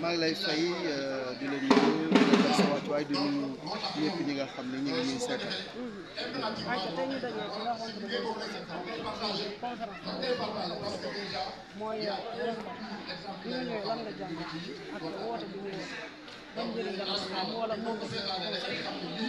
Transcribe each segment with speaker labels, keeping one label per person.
Speaker 1: maa ngi lay fay euh, di la nuyu di la jox sa wàccuwaay di nuyu ñëpp ñi nga xam ne ñu ngi ñuy seetal. mooy lan nga jàng ak woote bi ñu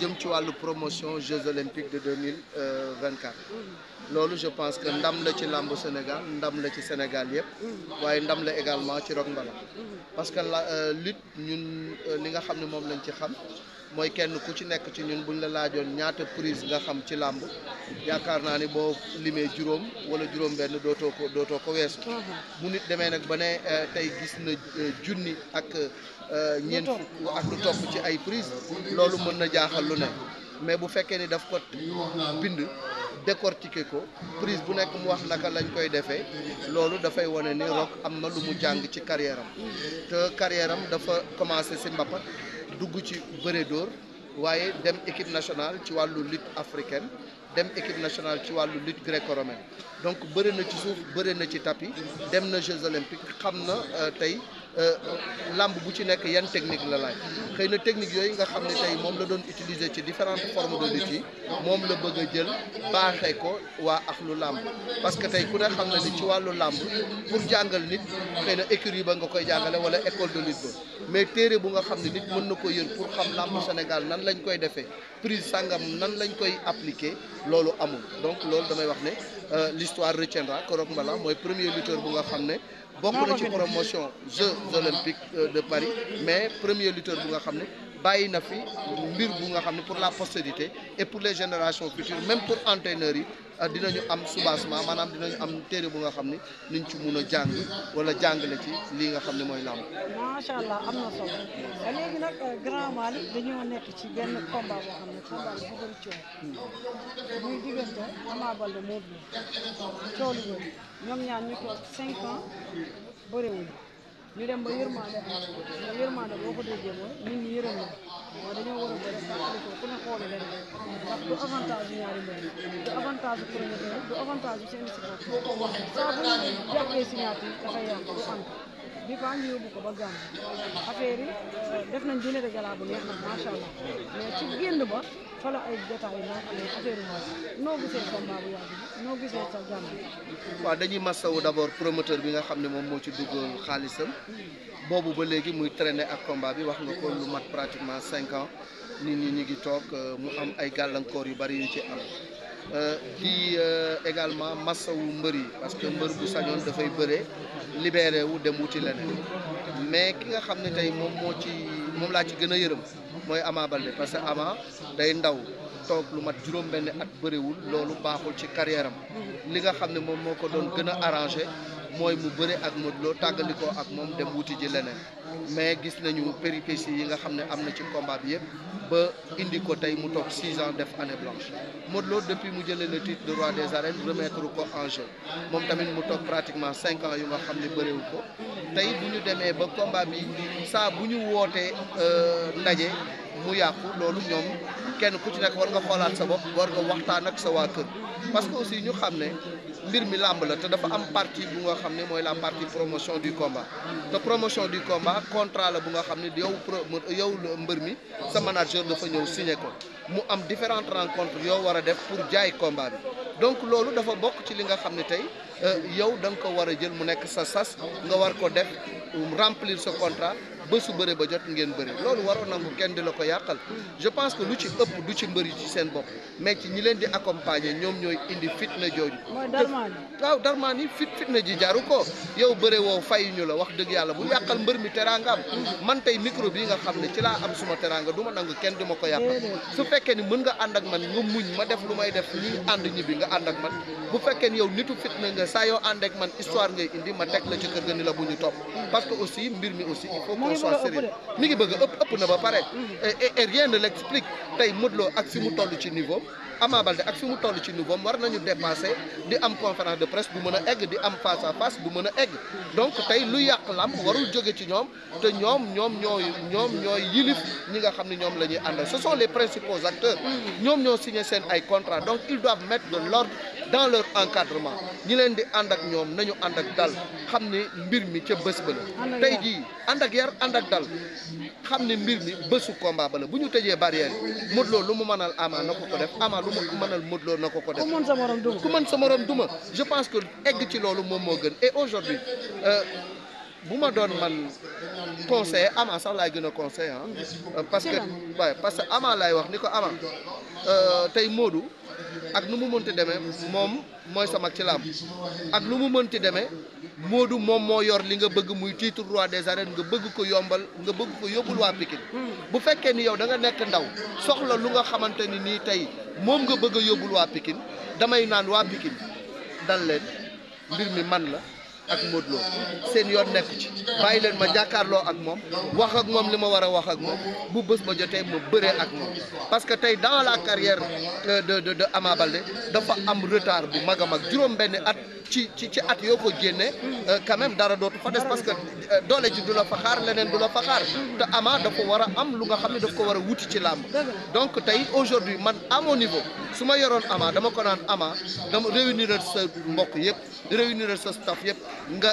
Speaker 1: jëm ci wàllu promotion Jeux olympiques de deux mille euh, vingt quatre loolu je pense que ndam la ci làmb Sénégal ndam la ci Sénégal yëpp waaye ndam la également ci Rock Mbala parce que la euh, lutte ñun euh, li nga xamni mom lañ ci xam moy kenn ku ci nekk ci ñun buñ la laajoon ñaata prise nga xam ci lamb yaakar na ni bo limé juróom wala juróom benn doto ko doto ko wess mu mhm. nit démé nak bané euh, tay gis na junni ak ñeent ak lu top ci ay prise lolu mëna jaaxal lu ne mais bu fekké ni daf ko bind décortiquer ko prise bu nekk mu wax naka lañ koy defee loolu dafay wane ni Rock am na lu mu jàng ci carrière am te carrière dafa commencé si mbappat dugg ci bëre dóor waaye dem équipe nationale ci wàllu lutte africaine dem équipe nationale ci wàllu lutte gréco-romaine donc bëri na ci suuf bëri na ci tapis dem na Jeux olympiques xam na euh, tey Euh, lamb bu ci nek yan technique la lay xëy technique yoy nga xam tay mom la doon utiliser ci différentes formes de lutte yi la bëgg jël baxé ko wa akhlu lamb parce que tay ku ne xam na ni ci walu lamb pour jàngal nit xëy na écurie ba nga koy jàngale wala école de lutte mais téré bu nga xam nit mën nako ko yër pour xam lamb Sénégal nan lañ koy défé prise sangam nan lañ koy appliquer lolu amul donc lolu damay wax né euh, l'histoire retiendra Korok Mbala premier lutteur bu nga xam Beaucoup pour promotion Jeux olympiques euh, de Paris mais premier lutteur bu nga xam Nafi, pour la postérité et pour les générations futures même pour entraîneurs Ah, dinañu am soubassement maanaam dinañu am téere bu nga xam ne niñ ci mun a jàng wala jàngale ci lii nga xam ne mooy làmb. macha allah am na solo léegi nag euh, Grand Malick dañoo nekk ci benn combat boo xam ne combat bu bëri coow. muy ñoom ñaar ñu toog cinq ans bëriwuñu. ñu dem ba yërmande na yërmande boo ko déggee mooy nit ñi yërëm na mooy dañoo war a bëri fàttalikoo ku ne xooli leen ndax du avantage yu ñaari mbir du avantage promoteur du avantage yu seen si bopp saa bu ñu jàppee signature dafay du am bi ba ñu yóbbu ko ba Gambie affaire def nañ dîner de gala bu neex nag macha allah mais ci génn ba fa ay jotaay yi noo amee affaire yi mooy noo gisee combat bi d' abord promoteur bi nga xam ne moom moo ci duggoon xaalisam boobu ba léegi muy traîner ak combat wax nga ko lu mat pratiquement cinq ans nit ñi ñu ngi toog euh, mu am ay gàllankoor yu bari yu ci am. di également massawu mbër yi parce que mbër bu sañoon dafay bëre libéré wu dem wuti leneen mais ki nga xam ne tey moom moo ci moom laa ci gën a yërëm mooy Ama Baldé parce que Ama day ndaw toog lu mat juróom-benn at bëriwul loolu baaxul ci carrière am li nga xam ne moom moo ko doon gën a arrangé mooy mu bëre ak Modou Lo tàggalikoo ak moom dem wuti ji leneen mais gis nañu péripéties yi nga xam ne am na ci combat bi yëpp ba indi ko tey mu toog six ans def année blanche Modou Lo depuis mu jële le titre de roi des arènes remettre ko en moom tamit mu toog pratiquement cinq ans yu nga xam ne bëreewu ko tey bu ñu demee ba combat bi saa bu ñu wootee euh, ndaje mu yàqu loolu ñoom kenn ku ci nekk war nga xoolaat sa bopp war nga waxtaan ak sa waa kër parce mbir mi làmb la te dafa am partie bu nga xam ne mooy la partie promotion du combat te promotion du combat contrat la bu nga xam ne yow yow mbër mi sa manager dafa ñëw signé ko mu am différentes rencontres yow war a def pour jaay combat bi donc loolu dafa bokk ci li nga xam ne tey euh, yow da nga ko war a jël mu nekk sa sas nga war ko def remplir sa contrat ba su bëre ba jot ngeen bëri loolu waroo nangu kenn di la ko yàqal je pense que lu ci ëpp du ci mbëri ci seen bopp mais ci ñi leen di accompagner ñoom ñooy indi fitna jooju waaw darmaan yi fit fitna ji jaru ko yow bëre woo fay ñu la wax dëgg yàlla bu yàqal mbër mi teranga am man tey micro bi nga xam ne ci laa am suma teranga du ma nangu kenn di ma ko yàqal su fekkee ni mën nga ànd ak man nga muñ ma def lu may def ñuy ànd bi nga ànd ak man bu fekkee ni yow nitu fitna nga saa yoo ànd ak man histoire ngay indi ma teg la ci kër ga ni la bu ñu topp parce que aussi mbir mi aussi il faut et rien ne l'explique niveau Ama Baldé ak fimu tollu ci nouveau war nañu dépasser di am conférence de presse bu mën egg di am face à face bu mën egg donc tay lu yàq lam warul joggé ci ñom te ñom ñom ñoy ñom ñoy yilif ñi nga xamni ñom lañuy andal ce sont les principaux acteurs ñom ñoo signé sen ay contrat donc ils doivent mettre de l'ordre dans leur encadrement ñi leen di and ak ñom nañu and ak dal xamni mbir mi ci bëss ba la tey jii ànd ak yar and ak dal xamni mbir mi bëssu combat ba la bu ñu tëjee barrière yi lu mu mënal Ama na ko ko def Ama ku ko mënal Modou Lo na def ku mën sa morom duma je pense que egg ci loolu moom moo gën et aujourd'hui euh, bu ma doon man conseil ama sax laay gën conseil ah parce que waaye parce que ama laay wax ni ko ama euh, tey Modou ak nu mu mënti demee moom mooy sa ci làmb ak nu mu mënti Modou moom moo yor li nga bëgg muy titre roi des arènes nga bëgg ko yombal nga bëgg ko yóbbul waa Pikine hmm. bu fekkee ni yow danga nekk ndaw soxla lu nga xamante ni nii tey moom nga bëgg a yóbbul waa pikin damay naan waa Pikine dal mbir mi man la ak Modou seen yoon nekk ci bàyyi leen ma jàkkaarloo ak moom wax ak moom li ma war a wax ak moom bu bës ba jotee ma bëree ak moom parce que tey dans la carrière euh, de de de dafa am retard bu mag a mag juróom at ci ci ci at yoo ko jénne euh, quand dara dootu fa des parce euh, doole ji du la fa xaar leneen du la fa xaar te Ama dafa war a am lu nga xam ne daf ko war a wuti ci làmb donc tey aujourd'hui man amoon mon niveau su ma yoroon Ama dama ko naan Ama dama réunir sa mbokk yëpp réunir sa staff yëpp nga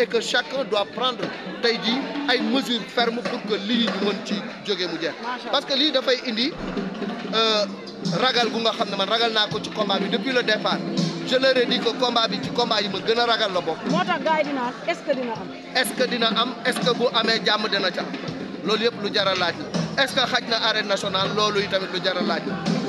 Speaker 1: et chaque chacun doit tey jii ay mesures fermes pour que lii ñu mën ci jóge mu jeex parce que lii dafay indi euh, ragal gu nga xam ne man ragal naa ko ci combat bi depuis le départ je leur ai dit que combat bi ci combat yi ma gën a ragal la bokk. moo tax gars yi dina am est-ce que dina am. est-ce que dina am est-ce que bu amee jàmm dina ca loolu yëpp lu jar a laaj la xaj na arène nationale loolu yi tamit lu jar a laaj la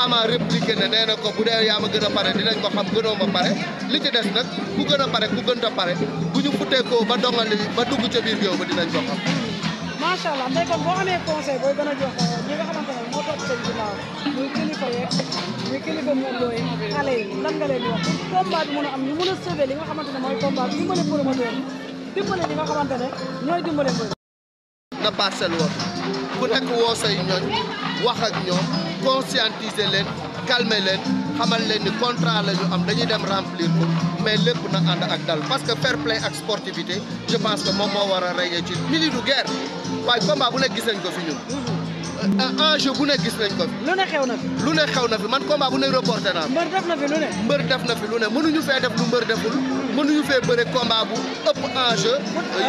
Speaker 1: ama répliqué ne nee na ko bu dee yaa ma gën a pare dinañ ko xam gënoo ma pare li ci des nag ku gën a pare ku gën a pare bu ñu futteekoo ba dongali ba dugg ca biir géew ba dinañ ko xam. macha allah ndey boo amee conseil booy gën a jox euh, nga xamante a am ñu mooy combat dimbale promoteur yi dimbale ñi nga na parcelle woon ku nekk woo say ñooñ wax ak ñoom conscientiser leen calmer leen xamal leen ni contrat la ñu am dañuy dem remplir ko mais lépp na ànd ak dal parce que fair play ak sportivité je pense que moom moo war a régner ci mili du guerre waaye combat bu nekk gis nañ ko fi ñun. Mhm. Euh, euh, enjeu bu ne gis nañ ko fi. lu ne xew na fi. lu ne xew na fi man combat bu ne reporté naa. mbër def na fi lu ne. mbër def na fi lu ne mënuñu fee def lu mbër deful. mënuñu fee bëre combat bu ëpp enjeu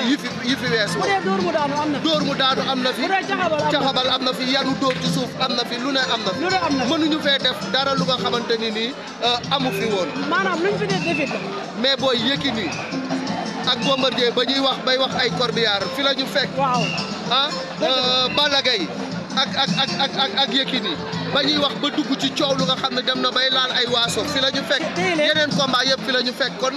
Speaker 1: yi fi yi fi weesu dóor mu daanu am na fi dóor mu am na fi caxabal am yanu dóor ci suuf am na fi lu ne am na fi mënuñu fee def dara lu nga xamante ni nii euh, amu fi woon maanaam luñ mais booy Yékini ak Bombardier ba ñuy wax bay wax ay corbillard fi lañu ñu fekk ah euh, Balla ak ak ak ak ak ak Yékini ba ñuy wax ba dugg ci coow lu nga xam ne dem na bay laal ay waaso fi la ñu fekk yeneen combat yëpp fi la ñu fekk kon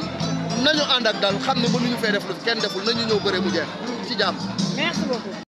Speaker 1: nañu ànd ak dal xam ne mënuñu fee def lu kenn deful nañu ñëw bëre mu jeex ci jàmm.